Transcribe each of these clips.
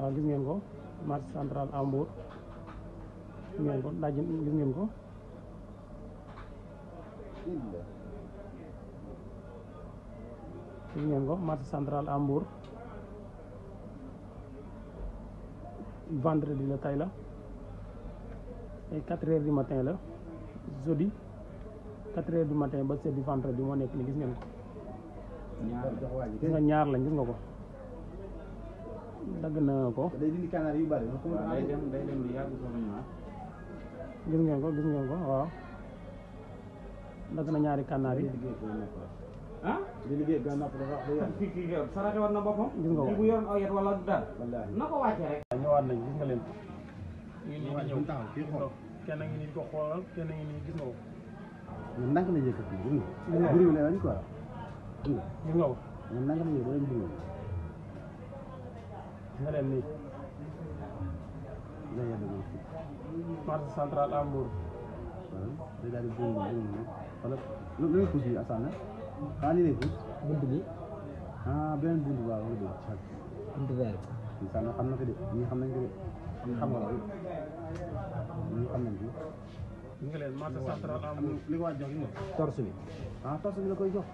waaw ah, gis ngeen ko marché central à Mbour gis ngeen ko daj gis ngeen ko gis ngeen ko marché central à Mbour la tey la ay quatre heures du matin la jeudi quatre heures du matin ba jeudi bi moo nekk ni gis ngeen ko gis nga ñaar lañ gis nga ko dagg na ko. day dindi kanaar yu bari. day dem day dem lu yàgg gis ngeen ko gis ngeen ko waaw. dagg na ñaari kanaar yi. ah. di liggéey gànnaaw pour wax dëgg yàlla. kii kii saraxe war na boppam. gis nga ko bu yoroon aw yet wala du dara. wallaahi na ko wàcce rek. ñëwaat nañ gis nga leen. ñu ngi nii di ñëw kii xool kenn ngi nii ko xoolal kenn ngi nii gis nga ko. ñun ndànk la yëkkati gis nga. gis nga ko gis nga ko. ñun ndànk la yëkkati Helen ni marché central à Mbour day daal di buum buum wala la xaa ni xam na ko xam nañ ko de xam nga ngi leen marché central à ko waa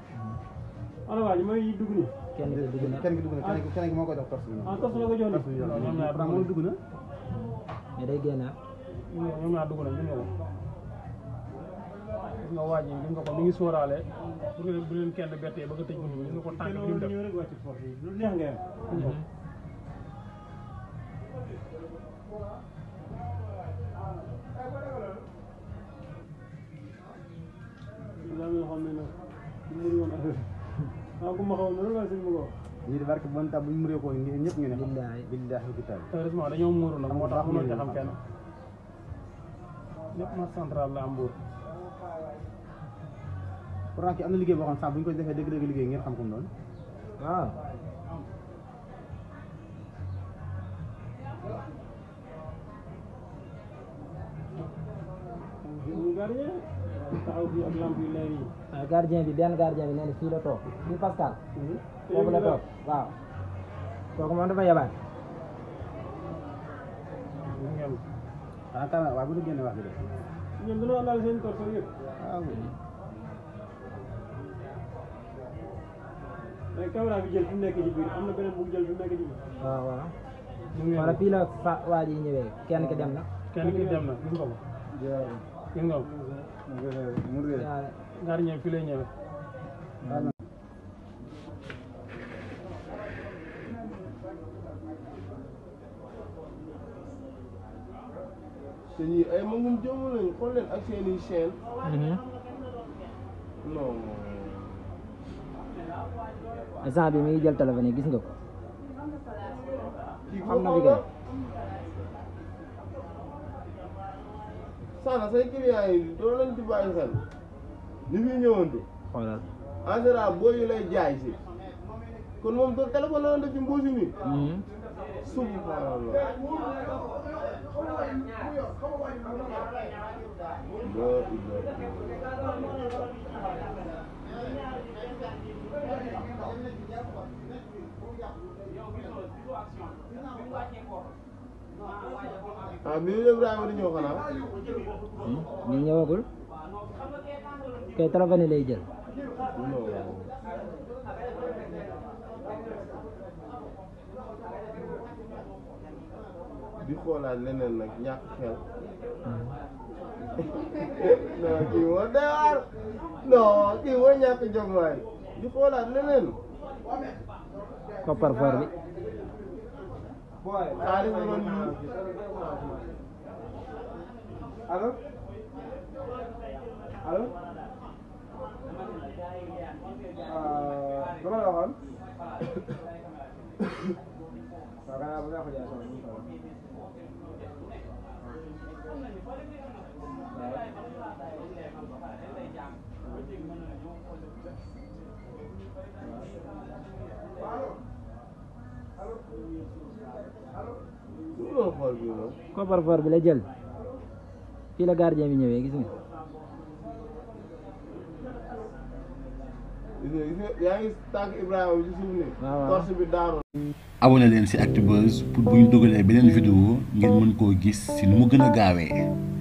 ana waa ji mooy dugg nii. kenn ki dugg na kenn ki dugg na kenn ki kenn ki moo koy jox torche bi. ah torche la ko jox nii. waaw moom ah. dugg na. mais day génnaat. ñoom ñaar nga ko. gis nga waa ji nga ko mi ngi sóoraale. pour que bu leen kenn bettee ba nga tëj bunt bi gis nga ko tànk mu def. ñëw rek wàcc force neex nga ah ku ma xawoon loolu waaye sëñ bi ko ñii di barke bon ta bu ngeen ñëpp ñu ne billahi billahi dañoo muuru nag moo tax mënoo ci xam kenn ñëpp ma central la am mbuur pourtant ki am na liggéey boo xam sax ñu ko defee dëgg-dëgg liggéey ngeen xam ko doon ah. taxaw fii ak lamp yu leer yi. Ah, bi benn gardien bi nee na fii la toog fii Pascal. Hmm. foofu la toog waaw. kooku moom dafa yabaat. waaw hmm. ah, kan waaw bu ñu génnee wax bi de. ñoom dañoo laal seen torso yëpp. waaw. Ah, mais caméra bi jël fi mu nekk ci biir am na beneen waa ji ñëwee kenn ki dem na. Tinggal. Ya, ngarnya pilihnya. te ñii ay magum jëmm lañu xool ak seen i chaîne. non. instant bi mi ngi jël gis nga ko. Sana say clients yi doo leen di bàyyi xel ni muy ñëwante. xoolal en général boo yu lay jaay si. kon moom do téléphone la doon def ci mbuusi mi. Hmm. subhanallah. Thank you. ah bi Ibrahima di ñëw xanaa. ñu hmm? ñëwagul. kay Taravani lay jël. di xoolaat leneen nag ñàkk xel. Hmm. non kii moo day waar non kii moo ñàkk jom waay di xoolaat leneen. koppar for bi. xaalis man allo allo dama la waxoon waaw gannaaw ba nga ko jaay soxla waaw koppar for bi la jël fii la gardien bi ñëwee gis nga. yaa ngi tànk ci suuf leen si Actubuzz pour bu ñu dugalee beneen vidéo ngeen mën koo gis ci nu mu gën a gaawee